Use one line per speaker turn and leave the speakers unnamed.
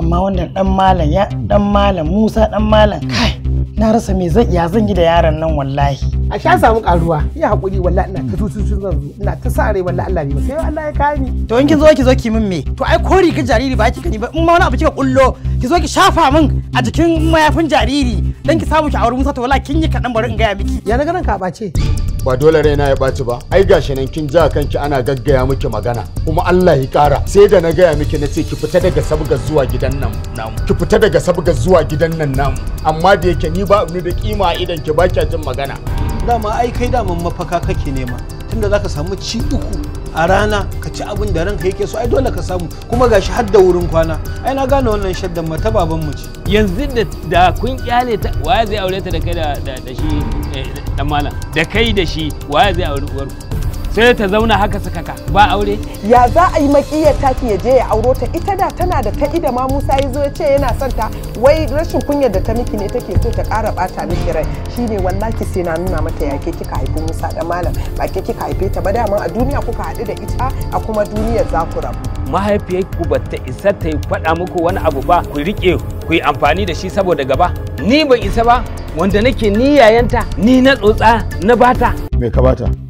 amma wannan dan malam ya dan malam Musa dan malam kai na rasa me zan iya zan yi da yaron nan wallahi a sha samu karuwa ya hakuri wallahi ina ta tutu zan zo ina ta sa rai wallahi Allah ne sai Allah ya kai ni to in kin zo ki zo ki min me to ai kori ga jariri ba ki gani ba in ma wani abu kika kullo ki zo ki shafa min a jikin mayafin jariri dan ki samu ki aure Musa to wallahi kin yi kadan bari in ga ya miki ya na nan ka bace
ba dole raina ya ɓaci ba ai gashi nan kin ja kanki ana gaggaya miki magana kuma Allah ya ƙara sai da na gaya miki na ce ki fita daga sabga zuwa gidan nan namu ki fita daga sabga zuwa gidan nan namu amma da yake ni ba ni da kima a idan
ki ba kya jin magana dama ai kai daman mafaka kake nema tunda zaka samu ci uku a rana ka ci abin da ranka yake so ai dole ka samu kuma gashi har da wurin kwana ai na gane wannan shaddan mata baban mu ce yanzu da kun kyale ta waye zai aure ta da kai da shi eh, dan malam da kai da shi waye zai aure ku. sai ta zauna haka sakaka ba aure
ya za a yi makiyar taki ya je ya auro ta ita da tana da ta ida ma Musa ya zo ya ce yana son ta wai rashin kunyar da ta miki ne take so ta ƙara bata miki rai shine wallahi sai na nuna mata ya ke kika haifi Musa da malam ba ke kika haife ta ba dama a duniya kuka haɗu da ita a kuma duniyar za ku rabu
mahaifiyar ku ba ta isa ta yi faɗa muku wani abu ba ku riƙe ku yi amfani da shi saboda gaba ni ban isa ba wanda nake ni yayanta ni na tsotsa na bata me ka bata